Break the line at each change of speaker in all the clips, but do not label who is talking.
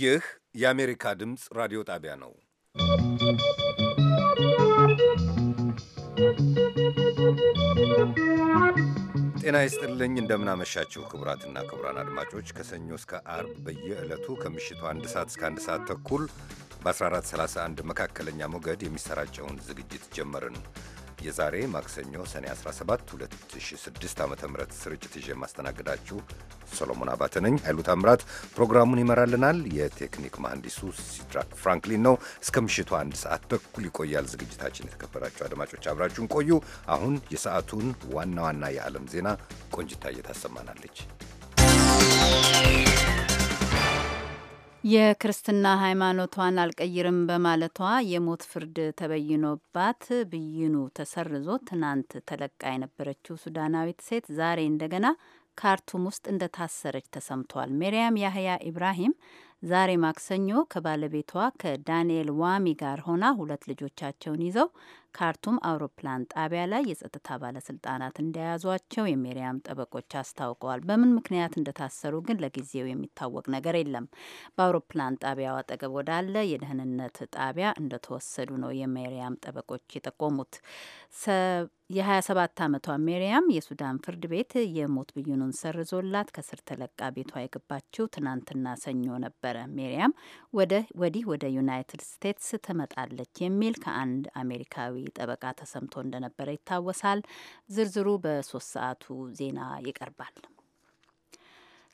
ይህ የአሜሪካ ድምፅ ራዲዮ ጣቢያ ነው። ጤና ይስጥልኝ። እንደምናመሻችሁ ክቡራትና ክቡራን አድማጮች ከሰኞ እስከ አርብ በየዕለቱ ከምሽቱ አንድ ሰዓት እስከ አንድ ሰዓት ተኩል በ1431 መካከለኛ ሞገድ የሚሰራጨውን ዝግጅት ጀመርን። የዛሬ ማክሰኞ ሰኔ 17 2006 ዓ ም ስርጭት ይዤ የማስተናግዳችሁ ሰሎሞን አባተ ነኝ። ኃይሉ ታምራት ፕሮግራሙን ይመራልናል። የቴክኒክ መሐንዲሱ ሲድራክ ፍራንክሊን ነው። እስከ ምሽቱ አንድ ሰዓት ተኩል ይቆያል ዝግጅታችን። የተከበራችሁ አድማጮች አብራችሁን ቆዩ። አሁን የሰዓቱን ዋና ዋና የዓለም ዜና ቆንጅታ እየታሰማናለች።
የክርስትና ሃይማኖቷን አልቀይርም በማለቷ የሞት ፍርድ ተበይኖባት ብይኑ ተሰርዞ ትናንት ተለቃ የነበረችው ሱዳናዊት ሴት ዛሬ እንደገና ካርቱም ውስጥ እንደታሰረች ተሰምቷል። ሜርያም ያህያ ኢብራሂም ዛሬ ማክሰኞ ከባለቤቷ ከዳንኤል ዋሚ ጋር ሆና ሁለት ልጆቻቸውን ይዘው ካርቱም አውሮፕላን ጣቢያ ላይ የጸጥታ ባለስልጣናት እንደያዟቸው የሜሪያም ጠበቆች አስታውቀዋል። በምን ምክንያት እንደታሰሩ ግን ለጊዜው የሚታወቅ ነገር የለም። በአውሮፕላን ጣቢያው አጠገብ ወዳለ የደህንነት ጣቢያ እንደተወሰዱ ነው የሜሪያም ጠበቆች የጠቆሙት። የ27 ዓመቷ ሜሪያም የሱዳን ፍርድ ቤት የሞት ብይኑን ሰርዞላት ከስር ተለቃ ቤቷ የገባችው ትናንትና ሰኞ ነበረ። ሜሪያም ወዲህ ወደ ዩናይትድ ስቴትስ ትመጣለች የሚል ከአንድ አሜሪካዊ ጠበቃ ተሰምቶ እንደነበረ ይታወሳል። ዝርዝሩ በሶስት ሰዓቱ ዜና ይቀርባል።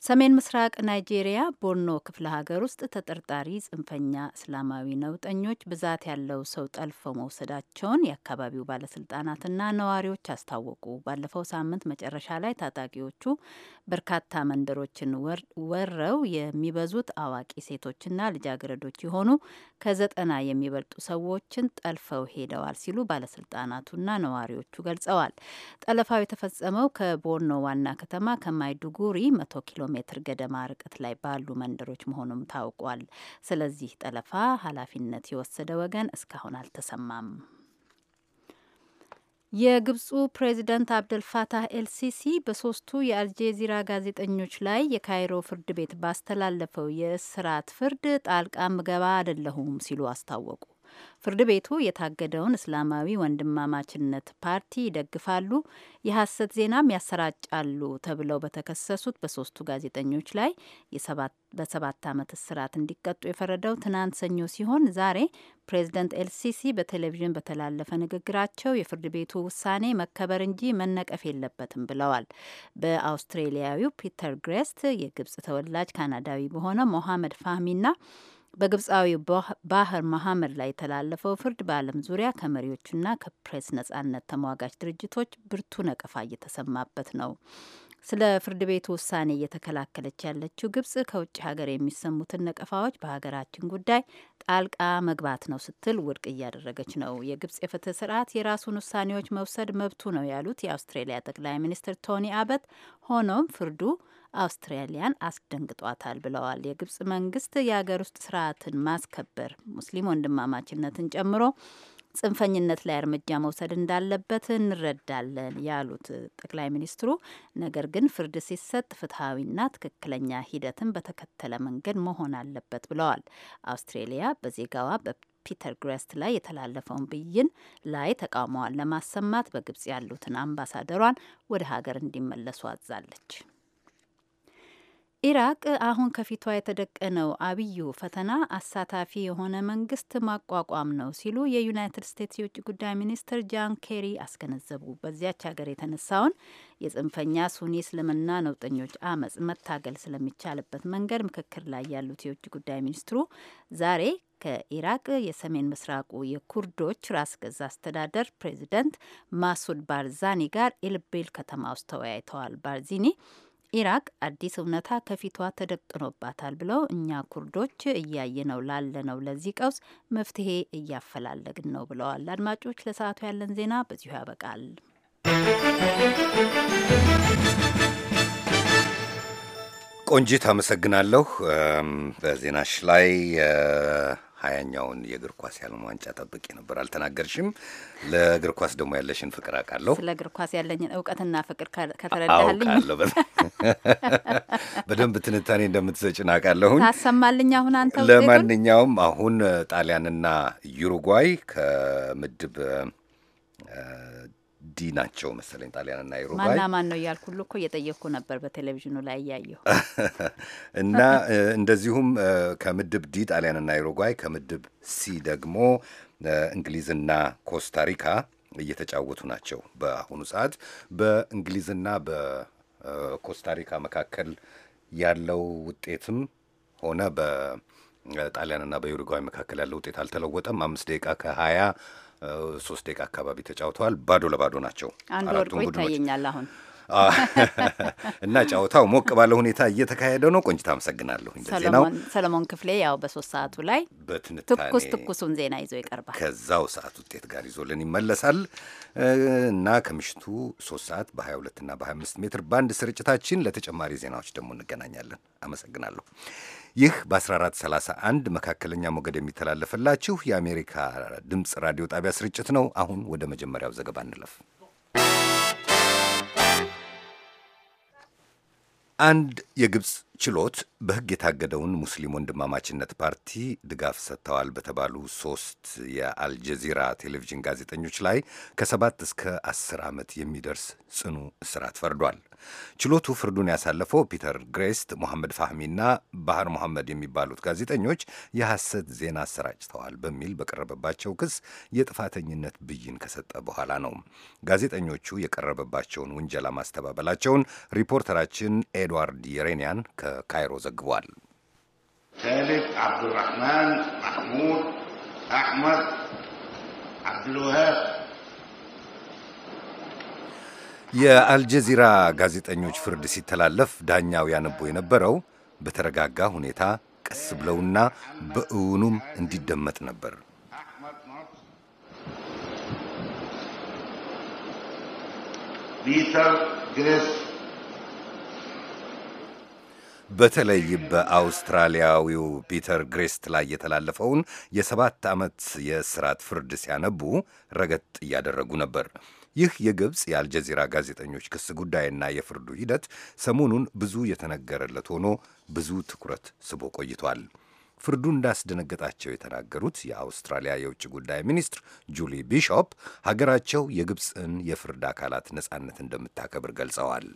ሰሜን ምስራቅ ናይጄሪያ ቦርኖ ክፍለ ሀገር ውስጥ ተጠርጣሪ ጽንፈኛ እስላማዊ ነውጠኞች ብዛት ያለው ሰው ጠልፈው መውሰዳቸውን የአካባቢው ባለስልጣናትና ነዋሪዎች አስታወቁ። ባለፈው ሳምንት መጨረሻ ላይ ታጣቂዎቹ በርካታ መንደሮችን ወረው የሚበዙት አዋቂ ሴቶችና ልጃገረዶች የሆኑ ከዘጠና የሚበልጡ ሰዎችን ጠልፈው ሄደዋል ሲሉ ባለስልጣናቱና ነዋሪዎቹ ገልጸዋል። ጠለፋው የተፈጸመው ከቦርኖ ዋና ከተማ ከማይዱጉሪ መቶ ኪሎ ሜትር ገደማ ርቀት ላይ ባሉ መንደሮች መሆኑም ታውቋል። ስለዚህ ጠለፋ ኃላፊነት የወሰደ ወገን እስካሁን አልተሰማም። የግብፁ ፕሬዚደንት አብደልፋታህ ኤልሲሲ በሶስቱ የአልጄዚራ ጋዜጠኞች ላይ የካይሮ ፍርድ ቤት ባስተላለፈው የእስራት ፍርድ ጣልቃ ምገባ አይደለሁም ሲሉ አስታወቁ። ፍርድ ቤቱ የታገደውን እስላማዊ ወንድማማችነት ፓርቲ ይደግፋሉ፣ የሐሰት ዜናም ያሰራጫሉ ተብለው በተከሰሱት በሶስቱ ጋዜጠኞች ላይ በሰባት ዓመት እስራት እንዲቀጡ የፈረደው ትናንት ሰኞ ሲሆን ዛሬ ፕሬዚደንት ኤልሲሲ በቴሌቪዥን በተላለፈ ንግግራቸው የፍርድ ቤቱ ውሳኔ መከበር እንጂ መነቀፍ የለበትም ብለዋል። በአውስትሬሊያዊው ፒተር ግሬስት፣ የግብጽ ተወላጅ ካናዳዊ በሆነ ሞሐመድ ፋህሚና በግብፃዊው ባህር መሐመድ ላይ የተላለፈው ፍርድ በዓለም ዙሪያ ከመሪዎቹና ከፕሬስ ነጻነት ተሟጋች ድርጅቶች ብርቱ ነቀፋ እየተሰማበት ነው። ስለ ፍርድ ቤቱ ውሳኔ እየተከላከለች ያለችው ግብጽ ከውጭ ሀገር የሚሰሙትን ነቀፋዎች በሀገራችን ጉዳይ ጣልቃ መግባት ነው ስትል ውድቅ እያደረገች ነው። የግብጽ የፍትህ ስርዓት የራሱን ውሳኔዎች መውሰድ መብቱ ነው ያሉት የአውስትሬሊያ ጠቅላይ ሚኒስትር ቶኒ አበት ሆኖም ፍርዱ አውስትራሊያን አስደንግጧታል ብለዋል። የግብጽ መንግስት የሀገር ውስጥ ስርዓትን ማስከበር ሙስሊም ወንድማማችነትን ጨምሮ ጽንፈኝነት ላይ እርምጃ መውሰድ እንዳለበት እንረዳለን ያሉት ጠቅላይ ሚኒስትሩ፣ ነገር ግን ፍርድ ሲሰጥ ፍትሐዊና ትክክለኛ ሂደትን በተከተለ መንገድ መሆን አለበት ብለዋል። አውስትሬሊያ በዜጋዋ በፒተር ግሬስት ላይ የተላለፈውን ብይን ላይ ተቃውሞዋን ለማሰማት በግብጽ ያሉትን አምባሳደሯን ወደ ሀገር እንዲመለሱ አዛለች። ኢራቅ አሁን ከፊቷ የተደቀነው አብዩ ፈተና አሳታፊ የሆነ መንግስት ማቋቋም ነው ሲሉ የዩናይትድ ስቴትስ የውጭ ጉዳይ ሚኒስትር ጃን ኬሪ አስገነዘቡ። በዚያች ሀገር የተነሳውን የጽንፈኛ ሱኒ እስልምና ነውጠኞች አመጽ መታገል ስለሚቻልበት መንገድ ምክክር ላይ ያሉት የውጭ ጉዳይ ሚኒስትሩ ዛሬ ከኢራቅ የሰሜን ምስራቁ የኩርዶች ራስ ገዛ አስተዳደር ፕሬዚደንት ማሱድ ባርዛኒ ጋር ኢልቤል ከተማ ውስጥ ተወያይተዋል። ባርዚኒ ኢራቅ አዲስ እውነታ ከፊቷ ተደቅኖባታል ብለው እኛ ኩርዶች እያየ ላለ ላለነው ለዚህ ቀውስ መፍትሄ እያፈላለግን ነው ብለዋል። አድማጮች ለሰዓቱ ያለን ዜና በዚሁ ያበቃል።
ቆንጂት አመሰግናለሁ። በዜናሽ ላይ ሀያኛውን የእግር ኳስ የዓለም ዋንጫ ጠብቄ ነበር። አልተናገርሽም። ለእግር ኳስ ደግሞ ያለሽን ፍቅር አውቃለሁ። ስለ
እግር ኳስ ያለኝን እውቀትና ፍቅር ከተረዳልኝ
በደንብ ትንታኔ እንደምትሰጭን አውቃለሁኝ።
ታሰማልኝ አሁን አንተ።
ለማንኛውም አሁን ጣሊያንና ዩሩጓይ ከምድብ ዲ ናቸው መሰለኝ ጣሊያንና ዩሩጓይ። ማና
ማን ነው እያልኩ ሁሉ እኮ እየጠየቅኩ ነበር በቴሌቪዥኑ ላይ እያየሁ
እና እንደዚሁም ከምድብ ዲ ጣሊያንና ዩሩጓይ፣ ከምድብ ሲ ደግሞ እንግሊዝና ኮስታሪካ እየተጫወቱ ናቸው። በአሁኑ ሰዓት በእንግሊዝና በኮስታሪካ መካከል ያለው ውጤትም ሆነ በጣሊያንና ጣሊያንና በዩሩጓይ መካከል ያለው ውጤት አልተለወጠም። አምስት ደቂቃ ከሀያ ሶስት ደቂቃ አካባቢ ተጫውተዋል። ባዶ ለባዶ ናቸው። አንድ ወርቆ ይታየኛል አሁን እና ጨዋታው ሞቅ ባለ ሁኔታ እየተካሄደ ነው። ቆንጅት አመሰግናለሁ። ዜናው
ሰለሞን ክፍሌ ያው በሶስት ሰዓቱ ላይ
ትኩስ ትኩሱን
ዜና ይዞ ይቀርባል።
ከዛው ሰዓት ውጤት ጋር ይዞልን ይመለሳል እና ከምሽቱ ሶስት ሰዓት በ22 እና በ25 ሜትር ባንድ ስርጭታችን ለተጨማሪ ዜናዎች ደግሞ እንገናኛለን። አመሰግናለሁ። ይህ በ1431 መካከለኛ ሞገድ የሚተላለፍላችሁ የአሜሪካ ድምፅ ራዲዮ ጣቢያ ስርጭት ነው። አሁን ወደ መጀመሪያው ዘገባ እንለፍ። አንድ የግብፅ ችሎት በሕግ የታገደውን ሙስሊም ወንድማማችነት ፓርቲ ድጋፍ ሰጥተዋል በተባሉ ሶስት የአልጀዚራ ቴሌቪዥን ጋዜጠኞች ላይ ከሰባት እስከ አስር ዓመት የሚደርስ ጽኑ እስራት ፈርዷል። ችሎቱ ፍርዱን ያሳለፈው ፒተር ግሬስት፣ ሞሐመድ ፋህሚና ባህር ሞሐመድ የሚባሉት ጋዜጠኞች የሐሰት ዜና አሰራጭተዋል በሚል በቀረበባቸው ክስ የጥፋተኝነት ብይን ከሰጠ በኋላ ነው። ጋዜጠኞቹ የቀረበባቸውን ውንጀላ ማስተባበላቸውን ሪፖርተራችን ኤድዋርድ የሬንያን ከካይሮ ዘግቧል። ካሊድ አብዱራህማን፣ ማሕሙድ አሕመድ፣ አብዱልውሃብ የአልጀዚራ ጋዜጠኞች ፍርድ ሲተላለፍ ዳኛው ያነቦ የነበረው በተረጋጋ ሁኔታ ቀስ ብለውና በእውኑም እንዲደመጥ ነበር። በተለይ በአውስትራሊያዊው ፒተር ግሬስት ላይ የተላለፈውን የሰባት ዓመት የእስራት ፍርድ ሲያነቡ ረገጥ እያደረጉ ነበር። ይህ የግብፅ የአልጀዚራ ጋዜጠኞች ክስ ጉዳይና የፍርዱ ሂደት ሰሞኑን ብዙ የተነገረለት ሆኖ ብዙ ትኩረት ስቦ ቆይቷል። ፍርዱ እንዳስደነገጣቸው የተናገሩት የአውስትራሊያ የውጭ ጉዳይ ሚኒስትር ጁሊ ቢሾፕ ሀገራቸው የግብፅን የፍርድ አካላት ነጻነት እንደምታከብር ገልጸዋል።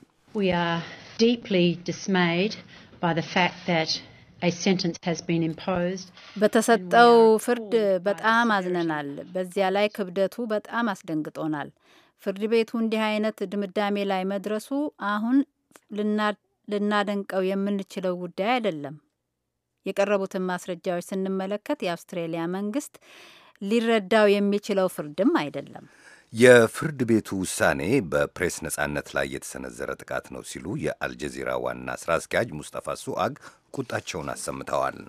በተሰጠው ፍርድ በጣም አዝነናል። በዚያ ላይ ክብደቱ በጣም አስደንግጦናል። ፍርድ ቤቱ እንዲህ አይነት ድምዳሜ ላይ መድረሱ አሁን ልናደንቀው የምንችለው ጉዳይ አይደለም። የቀረቡትን ማስረጃዎች ስንመለከት የአውስትሬሊያ መንግስት ሊረዳው የሚችለው ፍርድም አይደለም።
የፍርድ ቤቱ ውሳኔ በፕሬስ ነጻነት ላይ የተሰነዘረ ጥቃት ነው ሲሉ የአልጀዚራ ዋና ስራ አስኪያጅ ሙስጠፋ ሱአግ ቁጣቸውን አሰምተዋል።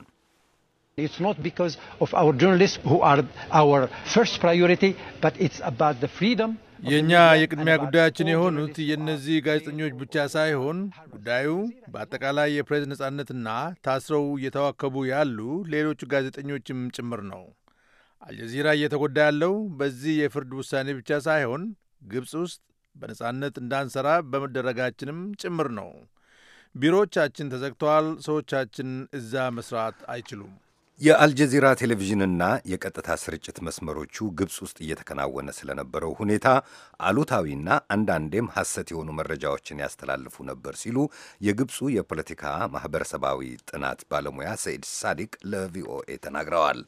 ስ የእኛ የቅድሚያ ጉዳያችን የሆኑት የእነዚህ ጋዜጠኞች ብቻ ሳይሆን ጉዳዩ በአጠቃላይ የፕሬስ ነጻነትና ታስረው እየተዋከቡ ያሉ ሌሎቹ ጋዜጠኞችም ጭምር ነው። አልጀዚራ እየተጎዳ ያለው በዚህ የፍርድ ውሳኔ ብቻ ሳይሆን ግብፅ ውስጥ በነጻነት እንዳንሰራ በመደረጋችንም ጭምር ነው። ቢሮዎቻችን ተዘግተዋል። ሰዎቻችን እዛ መስራት አይችሉም።
የአልጀዚራ ቴሌቪዥንና የቀጥታ ስርጭት መስመሮቹ ግብፅ ውስጥ እየተከናወነ ስለነበረው ሁኔታ አሉታዊና አንዳንዴም ሐሰት የሆኑ መረጃዎችን ያስተላልፉ ነበር ሲሉ የግብፁ የፖለቲካ ማኅበረሰባዊ ጥናት ባለሙያ ሰይድ ሳዲቅ ለቪኦኤ ተናግረዋል።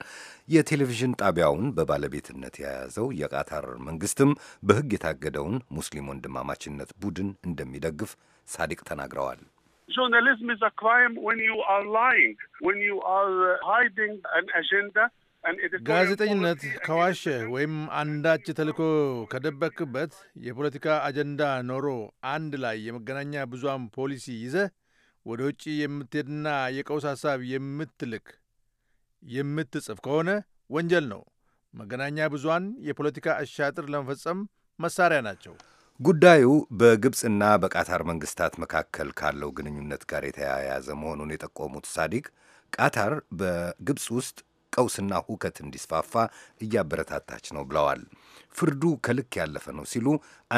የቴሌቪዥን ጣቢያውን በባለቤትነት የያዘው የቃታር መንግስትም በሕግ የታገደውን ሙስሊም ወንድማማችነት ቡድን እንደሚደግፍ ሳዲቅ ተናግረዋል።
Journalism is a crime when you are lying, when you are uh, hiding an agenda. ጋዜጠኝነት
ከዋሸ ወይም አንዳች
ተልእኮ ከደበክበት የፖለቲካ አጀንዳ ኖሮ አንድ ላይ የመገናኛ ብዙሃን ፖሊሲ ይዘህ ወደ ውጭ የምትሄድና የቀውስ ሐሳብ የምትልክ የምትጽፍ ከሆነ ወንጀል ነው። መገናኛ ብዙሃን የፖለቲካ አሻጥር ለመፈጸም መሳሪያ ናቸው።
ጉዳዩ በግብፅና በቃታር መንግስታት መካከል ካለው ግንኙነት ጋር የተያያዘ መሆኑን የጠቆሙት ሳዲቅ ቃታር በግብፅ ውስጥ ቀውስና ሁከት እንዲስፋፋ እያበረታታች ነው ብለዋል። ፍርዱ ከልክ ያለፈ ነው ሲሉ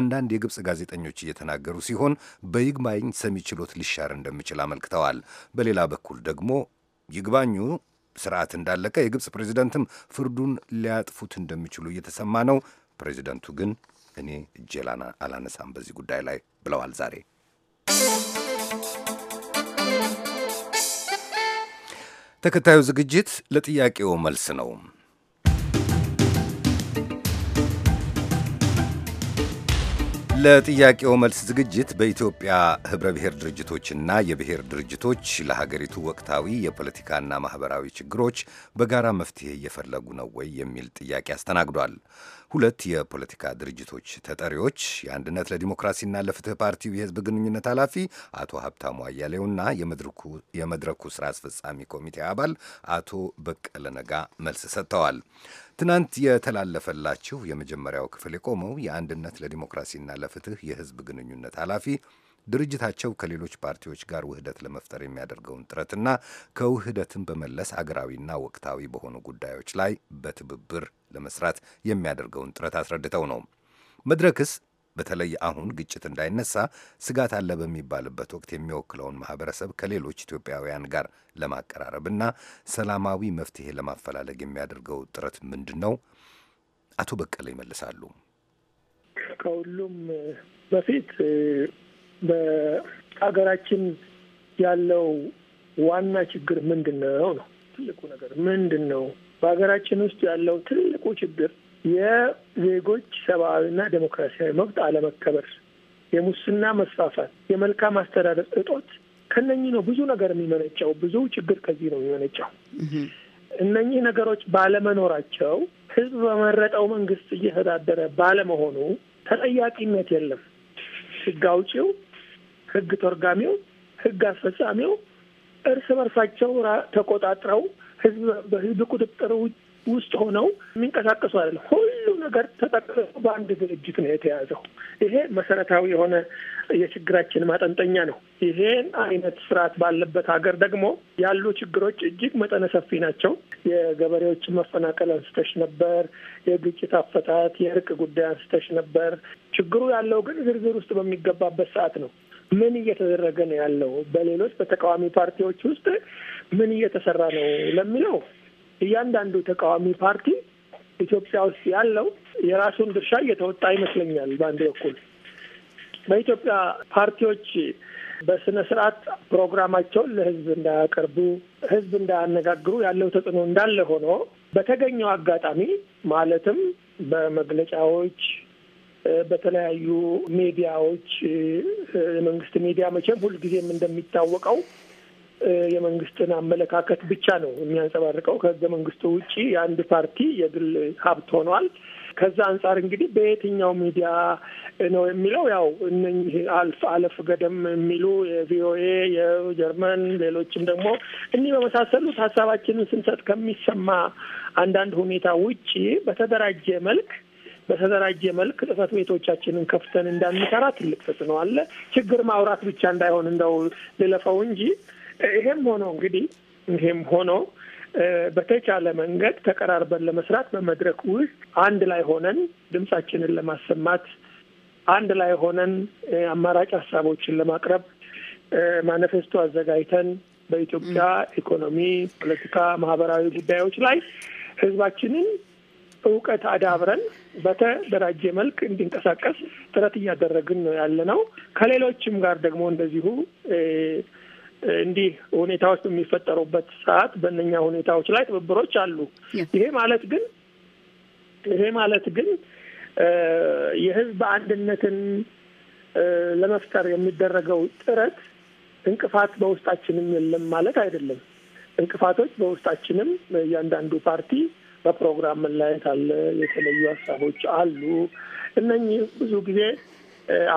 አንዳንድ የግብፅ ጋዜጠኞች እየተናገሩ ሲሆን በይግባኝ ሰሚ ችሎት ሊሻር እንደሚችል አመልክተዋል። በሌላ በኩል ደግሞ ይግባኙ ስርዓት እንዳለቀ የግብፅ ፕሬዚደንትም ፍርዱን ሊያጥፉት እንደሚችሉ እየተሰማ ነው። ፕሬዚደንቱ ግን እኔ እጄ አላነሳም በዚህ ጉዳይ ላይ ብለዋል ዛሬ። ተከታዩ ዝግጅት ለጥያቄው መልስ ነው። ለጥያቄው መልስ ዝግጅት በኢትዮጵያ ኅብረ ብሔር ድርጅቶችና የብሔር ድርጅቶች ለሀገሪቱ ወቅታዊ የፖለቲካና ማኅበራዊ ችግሮች በጋራ መፍትሄ እየፈለጉ ነው ወይ የሚል ጥያቄ አስተናግዷል። ሁለት የፖለቲካ ድርጅቶች ተጠሪዎች የአንድነት ለዲሞክራሲና ለፍትህ ፓርቲው የህዝብ ግንኙነት ኃላፊ አቶ ሀብታሙ አያሌውና የመድረኩ ስራ አስፈጻሚ ኮሚቴ አባል አቶ በቀለ ነጋ መልስ ሰጥተዋል። ትናንት የተላለፈላችሁ የመጀመሪያው ክፍል የቆመው የአንድነት ለዲሞክራሲና ለፍትህ የህዝብ ግንኙነት ኃላፊ ድርጅታቸው ከሌሎች ፓርቲዎች ጋር ውህደት ለመፍጠር የሚያደርገውን ጥረትና ከውህደትን በመለስ አገራዊና ወቅታዊ በሆኑ ጉዳዮች ላይ በትብብር ለመስራት የሚያደርገውን ጥረት አስረድተው ነው። መድረክስ በተለይ አሁን ግጭት እንዳይነሳ ስጋት አለ በሚባልበት ወቅት የሚወክለውን ማህበረሰብ ከሌሎች ኢትዮጵያውያን ጋር ለማቀራረብና ሰላማዊ መፍትሄ ለማፈላለግ የሚያደርገው ጥረት ምንድን ነው? አቶ በቀለ ይመልሳሉ።
ከሁሉም በፊት በሀገራችን ያለው ዋና ችግር ምንድን ነው ነው ትልቁ ነገር ምንድን ነው? በሀገራችን ውስጥ ያለው ትልቁ ችግር የዜጎች ሰብአዊና ዴሞክራሲያዊ መብት አለመከበር፣ የሙስና መስፋፋት፣ የመልካም አስተዳደር እጦት ከነኚህ ነው ብዙ ነገር የሚመነጨው። ብዙ ችግር ከዚህ ነው የሚመነጨው። እነኚህ ነገሮች ባለመኖራቸው ህዝብ በመረጠው መንግስት እየተዳደረ ባለመሆኑ ተጠያቂነት የለም። ህግ አውጪው፣ ህግ ተርጋሚው ህግ አስፈጻሚው እርስ በርሳቸው ተቆጣጥረው ህዝብ በህዝብ ቁጥጥር ውጭ ውስጥ ሆነው የሚንቀሳቀሱ አይደለም። ሁሉ ነገር ተጠቅልሎ በአንድ ድርጅት ነው የተያዘው። ይሄ መሰረታዊ የሆነ የችግራችን ማጠንጠኛ ነው። ይሄን አይነት ስርዓት ባለበት ሀገር ደግሞ ያሉ ችግሮች እጅግ መጠነ ሰፊ ናቸው። የገበሬዎችን መፈናቀል አንስተሽ ነበር። የግጭት አፈታት፣ የእርቅ ጉዳይ አንስተሽ ነበር። ችግሩ ያለው ግን ዝርዝር ውስጥ በሚገባበት ሰዓት ነው። ምን እየተደረገ ነው ያለው? በሌሎች በተቃዋሚ ፓርቲዎች ውስጥ ምን እየተሰራ ነው ለሚለው እያንዳንዱ ተቃዋሚ ፓርቲ ኢትዮጵያ ውስጥ ያለው የራሱን ድርሻ እየተወጣ ይመስለኛል። በአንድ በኩል በኢትዮጵያ ፓርቲዎች በስነ ስርዓት ፕሮግራማቸውን ለህዝብ እንዳያቀርቡ፣ ህዝብ እንዳያነጋግሩ ያለው ተጽዕኖ እንዳለ ሆኖ በተገኘው አጋጣሚ ማለትም በመግለጫዎች በተለያዩ ሚዲያዎች የመንግስት ሚዲያ መቼም ሁልጊዜም እንደሚታወቀው የመንግስትን አመለካከት ብቻ ነው የሚያንጸባርቀው። ከህገ መንግስቱ ውጪ የአንድ ፓርቲ የግል ሀብት ሆኗል። ከዛ አንጻር እንግዲህ በየትኛው ሚዲያ ነው የሚለው ያው እነህ አልፍ አለፍ ገደም የሚሉ የቪኦኤ፣ የጀርመን ሌሎችም ደግሞ እኒህ በመሳሰሉት ሀሳባችንን ስንሰጥ ከሚሰማ አንዳንድ ሁኔታ ውጪ በተደራጀ መልክ በተደራጀ መልክ ጽህፈት ቤቶቻችንን ከፍተን እንዳንሰራ ትልቅ ተጽዕኖ አለ። ችግር ማውራት ብቻ እንዳይሆን እንደው ልለፈው እንጂ ይሄም ሆኖ እንግዲህ ይሄም ሆኖ በተቻለ መንገድ ተቀራርበን ለመስራት በመድረክ ውስጥ አንድ ላይ ሆነን ድምጻችንን ለማሰማት አንድ ላይ ሆነን አማራጭ ሀሳቦችን ለማቅረብ ማኒፌስቶ አዘጋጅተን በኢትዮጵያ ኢኮኖሚ፣ ፖለቲካ፣ ማህበራዊ ጉዳዮች ላይ ህዝባችንን እውቀት አዳብረን በተደራጀ መልክ እንዲንቀሳቀስ ጥረት እያደረግን ያለ ነው። ከሌሎችም ጋር ደግሞ እንደዚሁ እንዲህ ሁኔታዎች በሚፈጠሩበት ሰዓት በእነኛ ሁኔታዎች ላይ ትብብሮች አሉ። ይሄ ማለት ግን ይሄ ማለት ግን የህዝብ አንድነትን ለመፍጠር የሚደረገው ጥረት እንቅፋት በውስጣችንም የለም ማለት አይደለም። እንቅፋቶች በውስጣችንም እያንዳንዱ ፓርቲ በፕሮግራም መለያየት አለ፣ የተለዩ ሀሳቦች አሉ። እነኚህ ብዙ ጊዜ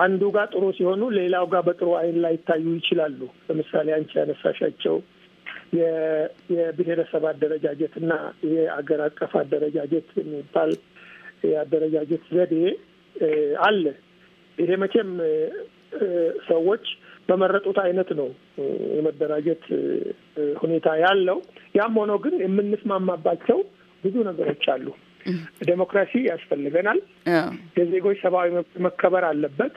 አንዱ ጋር ጥሩ ሲሆኑ ሌላው ጋር በጥሩ አይን ላይ ይታዩ ይችላሉ። ለምሳሌ አንቺ ያነሳሻቸው የብሔረሰብ አደረጃጀት እና የአገር አቀፍ አደረጃጀት የሚባል የአደረጃጀት ዘዴ አለ። ይሄ መቼም ሰዎች በመረጡት አይነት ነው የመደራጀት ሁኔታ ያለው። ያም ሆኖ ግን የምንስማማባቸው ብዙ ነገሮች አሉ። ዴሞክራሲ ያስፈልገናል። የዜጎች ሰብአዊ መብት መከበር አለበት።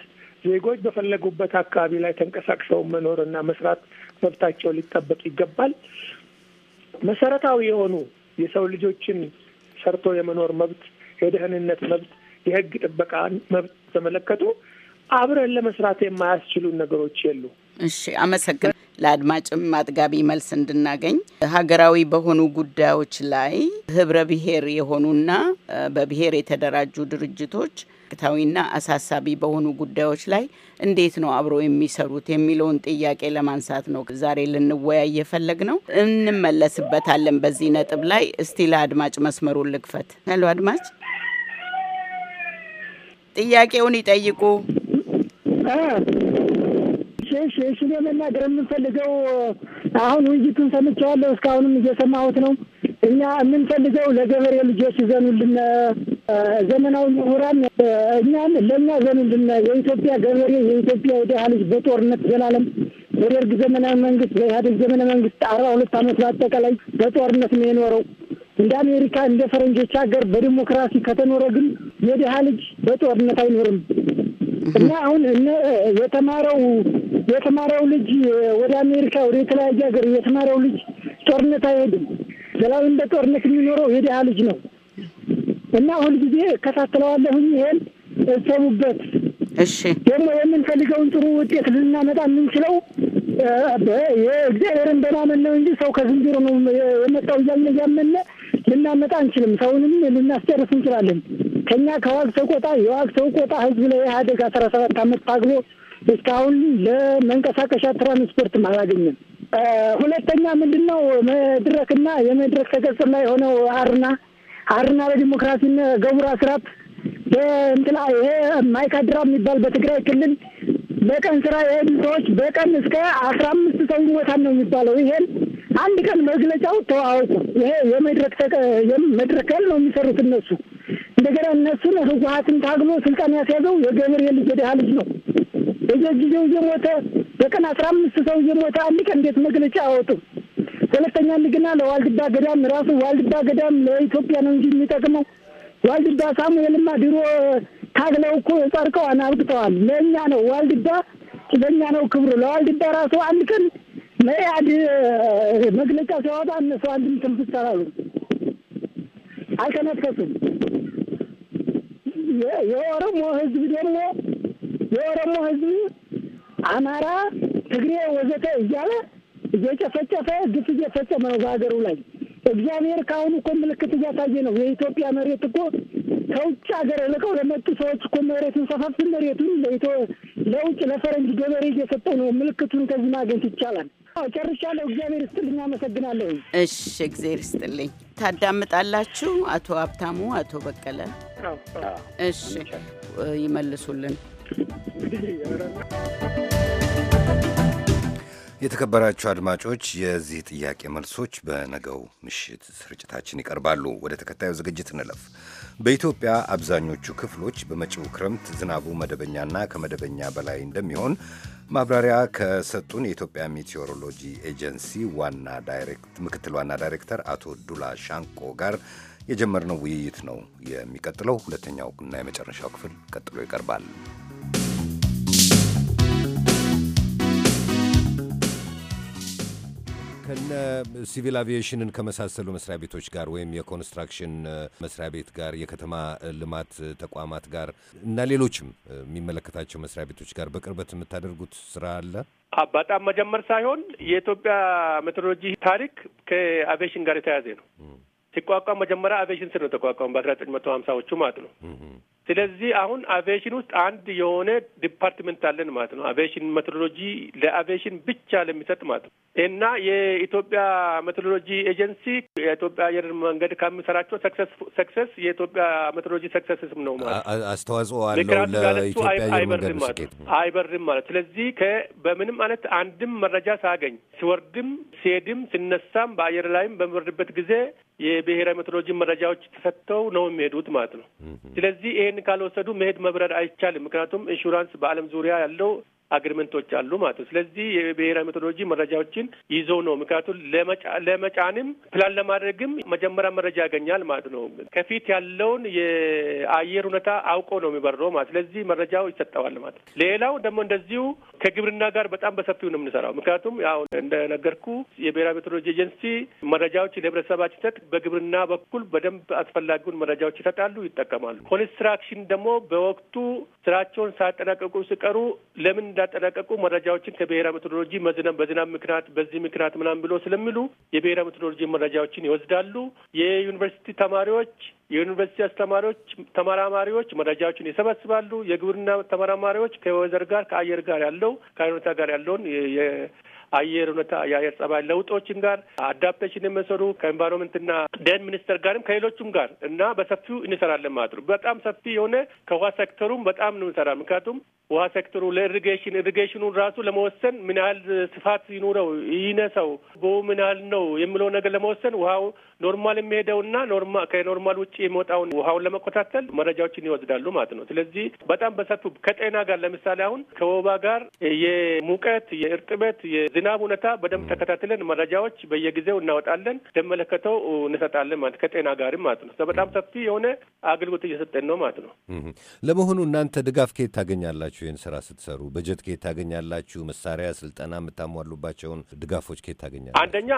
ዜጎች በፈለጉበት አካባቢ ላይ ተንቀሳቅሰው መኖርና መስራት መብታቸው ሊጠበቅ ይገባል። መሰረታዊ የሆኑ የሰው ልጆችን ሰርቶ የመኖር መብት፣ የደህንነት መብት፣
የህግ ጥበቃ መብት በመለከቱ አብረን ለመስራት የማያስችሉን ነገሮች የሉ። እሺ፣ አመሰግን ለአድማጭም አጥጋቢ መልስ እንድናገኝ ሀገራዊ በሆኑ ጉዳዮች ላይ ህብረ ብሔር የሆኑና በብሔር የተደራጁ ድርጅቶች ወቅታዊና አሳሳቢ በሆኑ ጉዳዮች ላይ እንዴት ነው አብሮ የሚሰሩት የሚለውን ጥያቄ ለማንሳት ነው ዛሬ ልንወያይ የፈለግ ነው። እንመለስበታለን በዚህ ነጥብ ላይ። እስቲ ለአድማጭ መስመሩን ልክፈት። ሄሎ አድማጭ ጥያቄውን ይጠይቁ።
እሺ እሺ። እኔ መናገር የምንፈልገው አሁን ውይይቱን ሰምቼዋለሁ፣ እስካሁንም እየሰማሁት ነው። እኛ የምንፈልገው ለገበሬ ልጆች ዘኑልን፣ ዘመናዊ ምሁራን እኛን ለእኛ ዘኑልን። የኢትዮጵያ ገበሬ የኢትዮጵያ የደሃ ልጅ በጦርነት ዘላለም በደርግ ዘመናዊ መንግስት፣ በኢህአዴግ ዘመነ መንግስት አርባ ሁለት ዓመት በአጠቃላይ በጦርነት ነው የኖረው። እንደ አሜሪካ እንደ ፈረንጆች ሀገር በዲሞክራሲ ከተኖረ ግን የድሃ ልጅ በጦርነት አይኖርም እና አሁን የተማረው የተማረው ልጅ ወደ አሜሪካ ወደ የተለያየ ሀገር የተማረው ልጅ ጦርነት አይሄድም። ዘላዊ እንደ ጦርነት የሚኖረው የድሃ ልጅ ነው እና ሁልጊዜ እከታተለዋለሁኝ። ይሄን እሰቡበት። እሺ ደግሞ የምንፈልገውን ጥሩ ውጤት ልናመጣ የምንችለው የእግዚአብሔርን በማመን ነው እንጂ ሰው ከዝንጀሮ ነው የመጣው እያለ እያመነ ልናመጣ አንችልም። ሰውንም ልናስጨርስ እንችላለን። ከኛ ከዋግ ቆጣ የዋግ ቆጣ ህዝብ ላይ ኢህአዴግ አስራ ሰባት አመት ታግሎ እስካሁን ለመንቀሳቀሻ ትራንስፖርትም አላገኘም። ሁለተኛ ምንድን ነው መድረክና የመድረክ ተገጽ ላይ የሆነው አርና አርና ለዲሞክራሲና ገቡራ ስራት በእንትላ ይሄ ማይካድራ የሚባል በትግራይ ክልል በቀን ስራ የሄዱ ሰዎች በቀን እስከ አስራ አምስት ሰው ይሞታል ነው የሚባለው። ይሄን አንድ ቀን መግለጫው ተዋወቁ። ይሄ የመድረክ መድረክ ያል ነው የሚሰሩት እነሱ። እንደገና እነሱን ህወሀትን ታግሎ ስልጣን ያስያዘው የገብር የልጅ የድሃ ልጅ ነው። በየጊዜው እየሞተ በቀን አስራ አምስት ሰው እየሞተ አንድ ቀን እንዴት መግለጫ አወጡ? ሁለተኛ ልግና ለዋልድባ ገዳም ራሱ ዋልድባ ገዳም ለኢትዮጵያ ነው እንጂ የሚጠቅመው ዋልድባ ሳሙኤልማ ድሮ ታግለው እኮ ጸርቀው አብቅተዋል። ለእኛ ነው ዋልድባ ለእኛ ነው ክብሩ። ለዋልድባ ራሱ አንድ ቀን መያድ መግለጫ ሲያወጣ እነሱ አንድም ትንፍስ አላሉ፣ አልተነፈሱም። የኦሮሞ ህዝብ ደግሞ የኦሮሞ ህዝብ አማራ፣ ትግሬ፣ ወዘተ እያለ እየጨፈጨፈ ግፍ እየፈጸመ ነው በሀገሩ ላይ። እግዚአብሔር ከአሁኑ እኮ ምልክት እያሳየ ነው። የኢትዮጵያ መሬት እኮ ከውጭ ሀገር ልቀው ለመጡ ሰዎች እኮ መሬቱን ሰፋፊ መሬቱን ለውጭ ለፈረንጅ ገበሬ እየሰጠው ነው። ምልክቱን ከዚህ ማግኘት ይቻላል። ጨርሻለሁ። እግዚአብሔር ይስጥልኝ። አመሰግናለሁ።
እሺ፣ እግዚአብሔር ይስጥልኝ። ታዳምጣላችሁ አቶ ሀብታሙ፣ አቶ በቀለ። እሺ፣ ይመልሱልን።
የተከበራችሁ አድማጮች የዚህ ጥያቄ መልሶች በነገው ምሽት ስርጭታችን ይቀርባሉ። ወደ ተከታዩ ዝግጅት እንለፍ። በኢትዮጵያ አብዛኞቹ ክፍሎች በመጪው ክረምት ዝናቡ መደበኛና ከመደበኛ በላይ እንደሚሆን ማብራሪያ ከሰጡን የኢትዮጵያ ሜቴዎሮሎጂ ኤጀንሲ ዋና ምክትል ዋና ዳይሬክተር አቶ ዱላ ሻንቆ ጋር የጀመርነው ውይይት ነው የሚቀጥለው። ሁለተኛው እና የመጨረሻው ክፍል ቀጥሎ ይቀርባል። ሲቪል አቪዬሽንን ከመሳሰሉ መስሪያ ቤቶች ጋር ወይም የኮንስትራክሽን መስሪያ ቤት ጋር የከተማ ልማት ተቋማት ጋር እና ሌሎችም የሚመለከታቸው መስሪያ ቤቶች ጋር በቅርበት የምታደርጉት ስራ አለ?
በጣም መጀመር ሳይሆን የኢትዮጵያ ሜትሮሎጂ ታሪክ ከአቪዬሽን ጋር የተያያዘ ነው። ሲቋቋም መጀመሪያ አቪዬሽን ስር ነው ተቋቋሙ በአስራ ዘጠኝ መቶ ሀምሳዎቹ ማለት ነው። ስለዚህ አሁን አቪዬሽን ውስጥ አንድ የሆነ ዲፓርትመንት አለን ማለት ነው። አቪዬሽን ሜትሮሎጂ ለአቪዬሽን ብቻ ለሚሰጥ ማለት ነው እና የኢትዮጵያ ሜትሮሎጂ ኤጀንሲ የኢትዮጵያ አየር መንገድ ከሚሰራቸው ሰክሰስ የኢትዮጵያ ሜትሮሎጂ ሰክሰስም ነው ማለት
አስተዋጽኦ አለው
ማለት ስለዚህ በምንም አይነት አንድም መረጃ ሳገኝ ሲወርድም፣ ሲሄድም፣ ሲነሳም በአየር ላይም በሚወርድበት ጊዜ የብሔራዊ ሜትሮሎጂ መረጃዎች ተሰጥተው ነው የሚሄዱት ማለት ነው። ስለዚህ ይሄን ካልወሰዱ መሄድ መብረር አይቻልም። ምክንያቱም ኢንሹራንስ በዓለም ዙሪያ ያለው አግሪመንቶች አሉ ማለት ነው። ስለዚህ የብሔራዊ ሜቶዶሎጂ መረጃዎችን ይዞ ነው ምክንያቱም ለመጫንም ፕላን ለማድረግም መጀመሪያ መረጃ ያገኛል ማለት ነው። ከፊት ያለውን የአየር ሁኔታ አውቆ ነው የሚበረው ማለት ስለዚህ መረጃው ይሰጠዋል ማለት ነው። ሌላው ደግሞ እንደዚሁ ከግብርና ጋር በጣም በሰፊው ነው የምንሰራው ምክንያቱም ያው እንደነገርኩ የብሔራዊ ሜቶዶሎጂ ኤጀንሲ መረጃዎች ለህብረተሰባችን ሲሰጥ በግብርና በኩል በደንብ አስፈላጊውን መረጃዎች ይሰጣሉ፣ ይጠቀማሉ። ኮንስትራክሽን ደግሞ በወቅቱ ስራቸውን ሳያጠናቀቁ ሲቀሩ ለምን እንዳጠናቀቁ መረጃዎችን ከብሔራዊ ሜትሮሎጂ መዝነብ በዝናብ ምክንያት በዚህ ምክንያት ምናምን ብሎ ስለሚሉ የብሔራዊ ሜትሮሎጂ መረጃዎችን ይወስዳሉ። የዩኒቨርሲቲ ተማሪዎች የዩኒቨርሲቲ አስተማሪዎች፣ ተመራማሪዎች መረጃዎችን ይሰበስባሉ። የግብርና ተመራማሪዎች ከወዘር ጋር ከአየር ጋር ያለው ከአየር ሁኔታ ጋር ያለውን አየር ሁኔታ የአየር ጸባይ ለውጦችን ጋር አዳፕቴሽን የሚሰሩ ከኤንቫይሮንመንትና ደን ሚኒስቴር ጋርም ከሌሎቹም ጋር እና በሰፊው እንሰራለን ማለት ነው። በጣም ሰፊ የሆነ ከውሃ ሴክተሩም በጣም ነው እንሰራ። ምክንያቱም ውሃ ሴክተሩ ለኢሪጌሽን ኢሪጌሽኑን ራሱ ለመወሰን ምን ያህል ስፋት ይኑረው ይነሰው፣ ቦ ምን ያህል ነው የሚለው ነገር ለመወሰን ውሃው ኖርማል የሚሄደውና ኖርማል ከኖርማል ውጭ የሚወጣውን ውሃውን ለመቆታተል መረጃዎችን ይወስዳሉ ማለት ነው። ስለዚህ በጣም በሰፊው ከጤና ጋር ለምሳሌ አሁን ከወባ ጋር የሙቀት፣ የእርጥበት፣ የዝናብ ሁኔታ በደንብ ተከታትለን መረጃዎች በየጊዜው እናወጣለን፣ ደመለከተው እንሰጣለን ማለት ከጤና ጋርም ማለት ነው። በጣም ሰፊ የሆነ አገልግሎት እየሰጠን ነው ማለት ነው።
ለመሆኑ እናንተ ድጋፍ ከየት ታገኛላችሁ? ይህን ስራ ስትሰሩ በጀት ከየት ታገኛላችሁ? መሳሪያ፣ ስልጠና የምታሟሉባቸውን ድጋፎች ከየት ታገኛላችሁ?
አንደኛ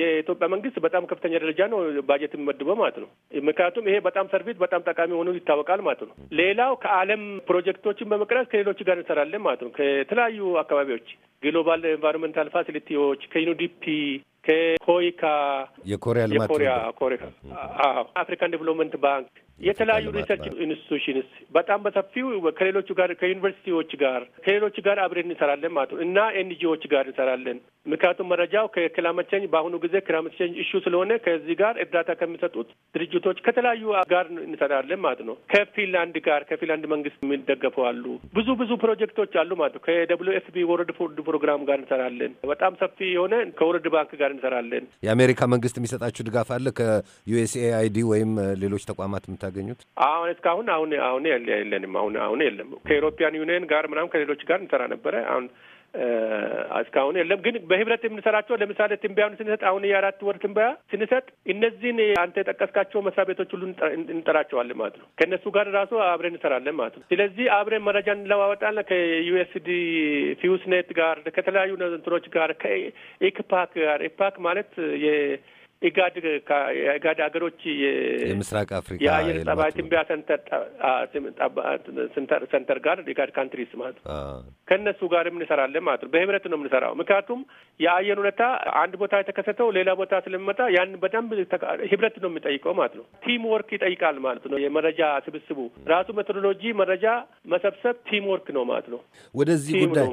የኢትዮጵያ መንግስት በጣም ከፍተኛ ደረጃ ነው ባጀት የሚመድበው ማለት ነው። ምክንያቱም ይሄ በጣም ሰርቪስ በጣም ጠቃሚ ሆኖ ይታወቃል ማለት ነው። ሌላው ከዓለም ፕሮጀክቶችን በመቅረጽ ከሌሎች ጋር እንሰራለን ማለት ነው። ከተለያዩ አካባቢዎች ግሎባል ኤንቫይሮንሜንታል ፋሲሊቲዎች ከዩኒዲፒ ከኮይካ
የኮሪያ ልማት ኮሪያ
አፍሪካን ዴቨሎፕመንት ባንክ የተለያዩ ሪሰርች ኢንስቲቱሽንስ በጣም በሰፊው ከሌሎቹ ጋር ከዩኒቨርሲቲዎች ጋር ከሌሎች ጋር አብረን እንሰራለን ማለት ነው እና ኤንጂዎች ጋር እንሰራለን። ምክንያቱም መረጃው ከክላይሜት ቼንጅ በአሁኑ ጊዜ ክላይሜት ቼንጅ እሹ ስለሆነ ከዚህ ጋር እርዳታ ከሚሰጡት ድርጅቶች ከተለያዩ ጋር እንሰራለን ማለት ነው። ከፊንላንድ ጋር ከፊንላንድ መንግስት የሚደገፈው አሉ። ብዙ ብዙ ፕሮጀክቶች አሉ ማለት ነው። ከደብሊው ኤፍ ፒ ወርልድ ፉድ ፕሮግራም ጋር እንሰራለን። በጣም ሰፊ የሆነ ከወርልድ ባንክ ጋር እንሰራለን።
የአሜሪካ መንግስት የሚሰጣችሁ ድጋፍ አለ ከዩኤስኤአይዲ ወይም ሌሎች ተቋማት ምታ የምታገኙት?
አሁን እስካሁን አሁን አሁን የለንም። አሁን አሁን የለም። ከኢሮፒያን ዩኒየን ጋር ምናምን ከሌሎች ጋር እንሰራ ነበረ። አሁን እስካሁን የለም። ግን በህብረት የምንሰራቸው ለምሳሌ ትንበያውን ስንሰጥ አሁን የአራት ወር ትንበያ ስንሰጥ እነዚህን አንተ የጠቀስካቸው መስሪያ ቤቶች ሁሉ እንጠራቸዋለን ማለት ነው። ከእነሱ ጋር ራሱ አብረን እንሰራለን ማለት ነው። ስለዚህ አብረን መረጃ እንለዋወጣለን። ከዩኤስዲ ፊውስኔት ጋር ከተለያዩ እንትኖች ጋር ከኢክፓክ ጋር ኢክፓክ ማለት ኢጋድ ኢጋድ ሀገሮች የምስራቅ አፍሪካ የአየር ጠባይ ትንበያ ሰንተር ጋር ኢጋድ ካንትሪስ ማለት ነው። ከእነሱ ጋርም እንሰራለን ማለት ነው። በህብረት ነው የምንሰራው። ምክንያቱም የአየር ሁኔታ አንድ ቦታ የተከሰተው ሌላ ቦታ ስለሚመጣ ያን በደንብ ህብረት ነው የሚጠይቀው ማለት ነው። ቲም ወርክ ይጠይቃል ማለት ነው። የመረጃ ስብስቡ ራሱ ሜቶዶሎጂ መረጃ መሰብሰብ ቲም ወርክ ነው ማለት ነው።
ወደዚህ ጉዳይ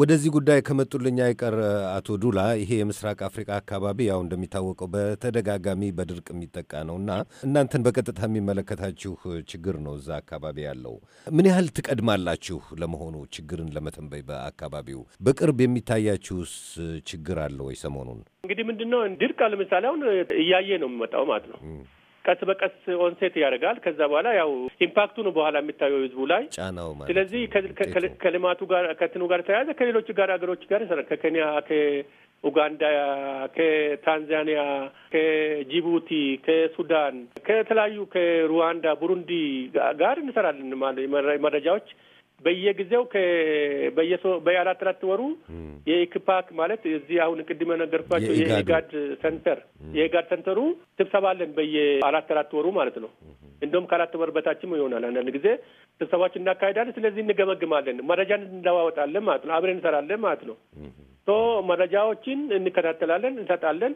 ወደዚህ ጉዳይ ከመጡልኝ አይቀር አቶ ዱላ፣ ይሄ የምስራቅ አፍሪካ አካባቢ ያው እንደሚታወቀው በተደጋጋሚ በድርቅ የሚጠቃ ነው እና እናንተን በቀጥታ የሚመለከታችሁ ችግር ነው እዛ አካባቢ ያለው። ምን ያህል ትቀድማላችሁ ለመሆኑ ችግርን ለመተንበይ? በአካባቢው በቅርብ የሚታያችሁስ ችግር አለ ወይ? ሰሞኑን
እንግዲህ ምንድን ነው ድርቅ ለምሳሌ አሁን እያየ ነው የሚመጣው ማለት ነው ቀስ በቀስ ኦንሴት ያደርጋል። ከዛ በኋላ ያው ኢምፓክቱ ነው በኋላ የሚታየው ህዝቡ ላይ ጫናው። ስለዚህ ከልማቱ ጋር ከትኑ ጋር ተያያዘ ከሌሎች ጋር ሀገሮች ጋር ይሰራል ከኬንያ ኡጋንዳ፣ ከታንዛኒያ፣ ከጂቡቲ፣ ከሱዳን፣ ከተለያዩ ከሩዋንዳ፣ ቡሩንዲ ጋር እንሰራለን። መረጃዎች በየጊዜው በየአራት አራት ወሩ የኢክፓክ ማለት እዚህ አሁን ቅድመ ነገርኳቸው የኢጋድ ሰንተር የኢጋድ ሰንተሩ ስብሰባ አለን በየአራት አራት ወሩ ማለት ነው። እንደውም ከአራት ወር በታችም ይሆናል። አንዳንድ ጊዜ ስብሰባዎች እናካሄዳለን። ስለዚህ እንገመግማለን፣ መረጃ እንለዋወጣለን ማለት ነው። አብረን እንሰራለን ማለት ነው። መረጃዎችን እንከታተላለን፣ እንሰጣለን።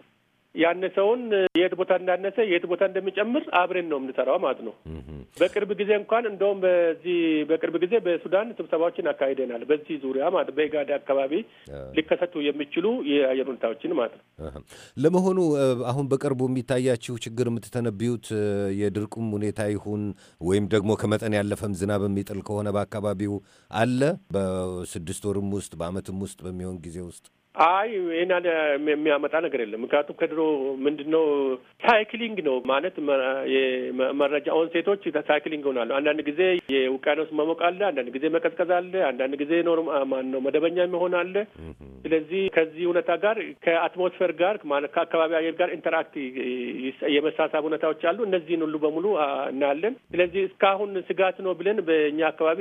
ያነሰውን የት ቦታ እንዳነሰ የት ቦታ እንደሚጨምር አብረን ነው የምንሰራው ማለት ነው። በቅርብ ጊዜ እንኳን እንደውም በዚህ በቅርብ ጊዜ በሱዳን ስብሰባዎችን አካሂደናል። በዚህ ዙሪያ ማለት በኢጋድ አካባቢ ሊከሰቱ የሚችሉ የአየር ሁኔታዎችን ማለት ነው።
ለመሆኑ አሁን በቅርቡ የሚታያችሁ ችግር የምትተነብዩት የድርቁም ሁኔታ ይሁን ወይም ደግሞ ከመጠን ያለፈም ዝናብ የሚጥል ከሆነ በአካባቢው አለ በስድስት ወርም ውስጥ በዓመትም ውስጥ በሚሆን ጊዜ ውስጥ
አይ ይህን የሚያመጣ ነገር የለም። ምክንያቱም ከድሮ ምንድን ነው ሳይክሊንግ ነው ማለት መረጃ ኦን ሴቶች ሳይክሊንግ ሆናሉ። አንዳንድ ጊዜ የውቅያኖስ መሞቅ አለ፣ አንዳንድ ጊዜ መቀዝቀዝ አለ፣ አንዳንድ ጊዜ ኖር ማን ነው መደበኛ የሚሆን አለ። ስለዚህ ከዚህ እውነታ ጋር ከአትሞስፌር ጋር ማለት ከአካባቢ አየር ጋር ኢንተራክት የመሳሳብ እውነታዎች አሉ። እነዚህን ሁሉ በሙሉ እናያለን። ስለዚህ እስካሁን ስጋት ነው ብለን በእኛ አካባቢ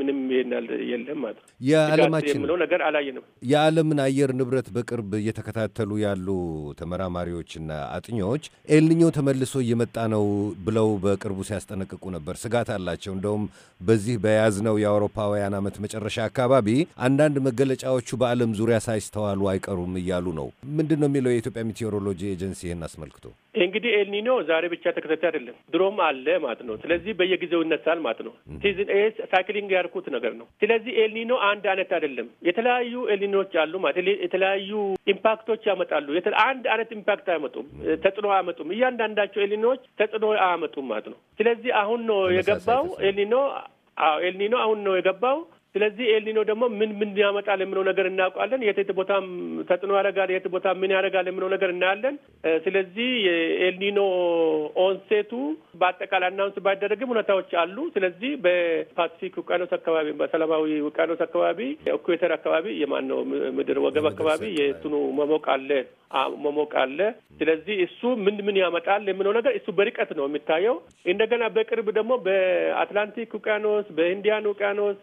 ምንም ይናል የለም ማለት ነው። የምለው ነገር አላየንም።
የአለምን የአየር ንብረት በቅርብ እየተከታተሉ ያሉ ተመራማሪዎችና አጥኚዎች ኤልኒኞ ተመልሶ እየመጣ ነው ብለው በቅርቡ ሲያስጠነቅቁ ነበር። ስጋት አላቸው። እንደውም በዚህ በያዝነው የአውሮፓውያን ዓመት መጨረሻ አካባቢ አንዳንድ መገለጫዎቹ በዓለም ዙሪያ ሳይስተዋሉ አይቀሩም እያሉ ነው። ምንድን ነው የሚለው የኢትዮጵያ ሜቴዎሮሎጂ ኤጀንሲ ይህን አስመልክቶ?
እንግዲህ ኤልኒኖ ዛሬ ብቻ ተከታታይ አይደለም፣ ድሮም አለ ማለት ነው። ስለዚህ በየጊዜው ይነሳል ማለት ነው። ሳይክሊንግ ያልኩት ነገር ነው። ስለዚህ ኤልኒኖ አንድ አይነት አይደለም። የተለያዩ ኤልኒኖች አሉ ማለት የተለያዩ ኢምፓክቶች ያመጣሉ። አንድ አይነት ኢምፓክት አያመጡም፣ ተጽዕኖ አያመጡም። እያንዳንዳቸው ኤልኒኖች ተጽዕኖ አያመጡም ማለት ነው። ስለዚህ አሁን ነው የገባው ኤልኒኖ። አዎ ኤልኒኖ አሁን ነው የገባው ስለዚህ ኤልኒኖ ደግሞ ምን ምን ያመጣል የምለው ነገር እናውቃለን። የት ቦታም ተጽዕኖ ያደርጋል፣ የት ቦታ ምን ያደርጋል የምለው ነገር እናያለን። ስለዚህ የኤልኒኖ ኦንሴቱ በአጠቃላይ አናውንስ ባይደረግም ሁኔታዎች አሉ። ስለዚህ በፓሲፊክ ውቅያኖስ አካባቢ፣ በሰላማዊ ውቅያኖስ አካባቢ፣ ኢኩዌተር አካባቢ የማን ነው ምድር ወገብ አካባቢ የእሱኑ መሞቅ አለ መሞቅ አለ። ስለዚህ እሱ ምን ምን ያመጣል የምለው ነገር እሱ በርቀት ነው የሚታየው። እንደገና በቅርብ ደግሞ በአትላንቲክ ውቅያኖስ፣ በኢንዲያን ውቅያኖስ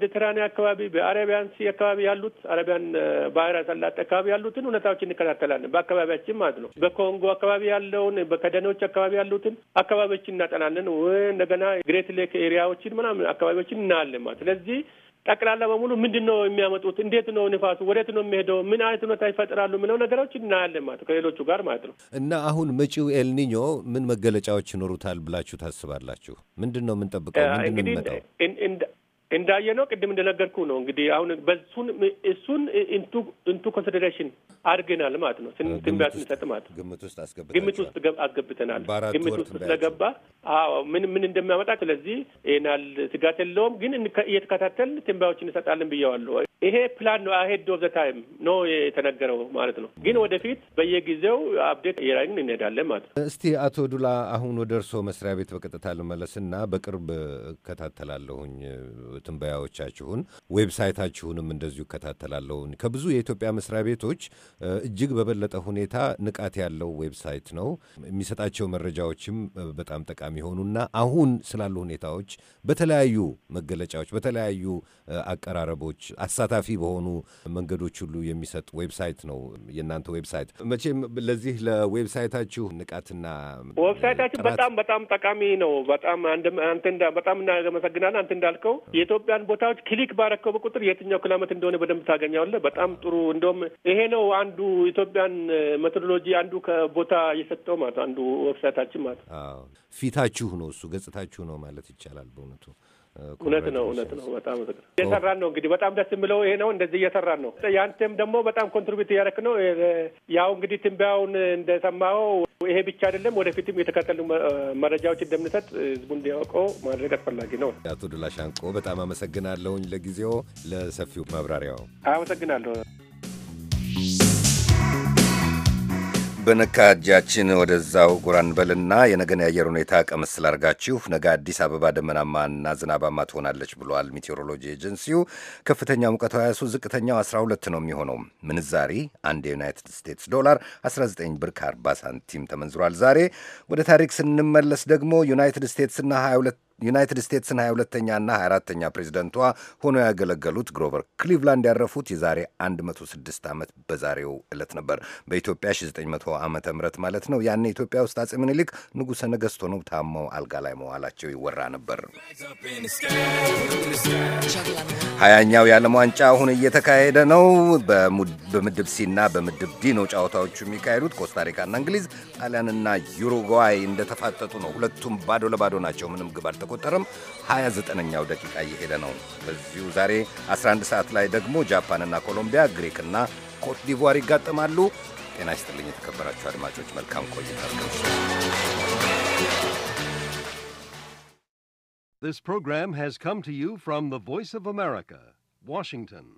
በሜዲትራኒያ አካባቢ በአረቢያን ሲ አካባቢ ያሉት አረቢያን ባህረ ሰላጤ አካባቢ ያሉትን እውነታዎች እንከታተላለን። በአካባቢያችን ማለት ነው። በኮንጎ አካባቢ ያለውን በከደኖች አካባቢ ያሉትን አካባቢዎችን እናጠናለን። እንደገና ግሬት ሌክ ኤሪያዎችን ምናምን አካባቢዎችን እናያለን ማለት ስለዚህ ጠቅላላ በሙሉ ምንድን ነው የሚያመጡት? እንዴት ነው ንፋሱ? ወዴት ነው የሚሄደው? ምን አይነት ሁኔታ ይፈጥራሉ? ምለው ነገሮች እናያለን ማለት ከሌሎቹ ጋር ማለት ነው።
እና አሁን መጪው ኤልኒኞ ምን መገለጫዎች ይኖሩታል ብላችሁ ታስባላችሁ? ምንድን ነው የምንጠብቀው? ምንድን ነው
የሚመጣው? እንዳየ ነው። ቅድም እንደነገርኩ ነው እንግዲህ አሁን በሱን እሱን ኢንቱ ኢንቱ ኮንሲደሬሽን አድርገናል ማለት ነው። ትንቢያ ስንሰጥ ማለት ነው ግምት ውስጥ አስገብተናል። ግምት ውስጥ አስገብተናል። ግምት ውስጥ ስለገባ አዎ፣ ምን ምን እንደሚያመጣ ስለዚህ ይናል ስጋት የለውም። ግን እየተከታተል ትንበያዎች እንሰጣለን ብየዋለሁ። ይሄ ፕላን ነው አሄድ ኦፍ ዘ ታይም ነው የተነገረው ማለት ነው። ግን ወደፊት በየጊዜው አፕዴት የራይን እንሄዳለን ማለት
ነው። እስቲ አቶ ዱላ አሁን ወደ እርስዎ መስሪያ ቤት በቀጥታ ልመለስና በቅርብ እከታተላለሁኝ ትንበያዎቻችሁን፣ ዌብሳይታችሁንም እንደዚሁ እከታተላለሁን። ከብዙ የኢትዮጵያ መስሪያ ቤቶች እጅግ በበለጠ ሁኔታ ንቃት ያለው ዌብሳይት ነው። የሚሰጣቸው መረጃዎችም በጣም ጠቃሚ ሆኑና አሁን ስላሉ ሁኔታዎች በተለያዩ መገለጫዎች፣ በተለያዩ አቀራረቦች አሳታፊ በሆኑ መንገዶች ሁሉ የሚሰጥ ዌብሳይት ነው የእናንተ ዌብሳይት። መቼም ለዚህ ለዌብሳይታችሁ ንቃትና
ዌብሳይታችሁ በጣም በጣም ጠቃሚ ነው። በጣም አንተ በጣም እናመሰግናለን። አንተ እንዳልከው የኢትዮጵያን ቦታዎች ክሊክ ባረከቡ ቁጥር የትኛው ክላመት እንደሆነ በደንብ ታገኛዋለህ። በጣም ጥሩ። እንደውም ይሄ ነው አንዱ ኢትዮጵያን ሜቶዶሎጂ አንዱ ከቦታ የሰጠው ማለት አንዱ ወብሳይታችን ማለት
ፊታችሁ ነው እሱ ገጽታችሁ ነው ማለት ይቻላል በእውነቱ እውነት ነው፣ እውነት ነው።
በጣም እየሰራን ነው። እንግዲህ በጣም ደስ የምለው ይሄ ነው። እንደዚህ እየሰራን ነው። ያንተም ደግሞ በጣም ኮንትሪቢዩት እያደረክ ነው። ያው እንግዲህ ትንበያውን እንደሰማኸው ይሄ ብቻ አይደለም። ወደፊትም የተከተሉ መረጃዎች እንደምንሰጥ ህዝቡ እንዲያውቀው ማድረግ አስፈላጊ ነው።
አቶ ዱላ ሻንቆ በጣም አመሰግናለሁኝ። ለጊዜው ለሰፊው ማብራሪያው አመሰግናለሁ። በነካ እጃችን ወደዛው ጎራ በልና የነገን የአየር ሁኔታ ቀመስ ስላርጋችሁ ነገ አዲስ አበባ ደመናማና ዝናባማ ትሆናለች ብሏል ሜቴሮሎጂ ኤጀንሲው። ከፍተኛ ሙቀት 23፣ ዝቅተኛው 12 ነው የሚሆነው። ምንዛሪ አንድ የዩናይትድ ስቴትስ ዶላር 19 ብር ከ40 ሳንቲም ተመንዝሯል። ዛሬ ወደ ታሪክ ስንመለስ ደግሞ ዩናይትድ ስቴትስና 22 ዩናይትድ ስቴትስን 22ተኛና 24ተኛ ፕሬዚደንቷ ሆነው ያገለገሉት ግሮቨር ክሊቭላንድ ያረፉት የዛሬ 106 ዓመት በዛሬው ዕለት ነበር። በኢትዮጵያ 900 ዓ ም ማለት ነው። ያኔ ኢትዮጵያ ውስጥ አጼ ምኒልክ ንጉሠ ነገሥት ሆነው ታመው አልጋ ላይ መዋላቸው ይወራ ነበር። ሀያኛው የዓለም ዋንጫ አሁን እየተካሄደ ነው። በምድብ ሲና በምድብ ዲ ነው ጨዋታዎቹ የሚካሄዱት። ኮስታሪካና እንግሊዝ፣ ጣሊያንና ዩሩጓይ እንደተፋጠጡ ነው። ሁለቱም ባዶ ለባዶ ናቸው። ምንም ግብ ከተቆጠረም 29ኛው ደቂቃ እየሄደ ነው። በዚሁ ዛሬ 11 ሰዓት ላይ ደግሞ ጃፓንና ኮሎምቢያ፣ ግሪክና ኮት ዲቯር ይጋጠማሉ። ጤና ይስጥልኝ የተከበራችሁ አድማጮች፣ መልካም ቆይታ። This program has come to you from the Voice of America, Washington.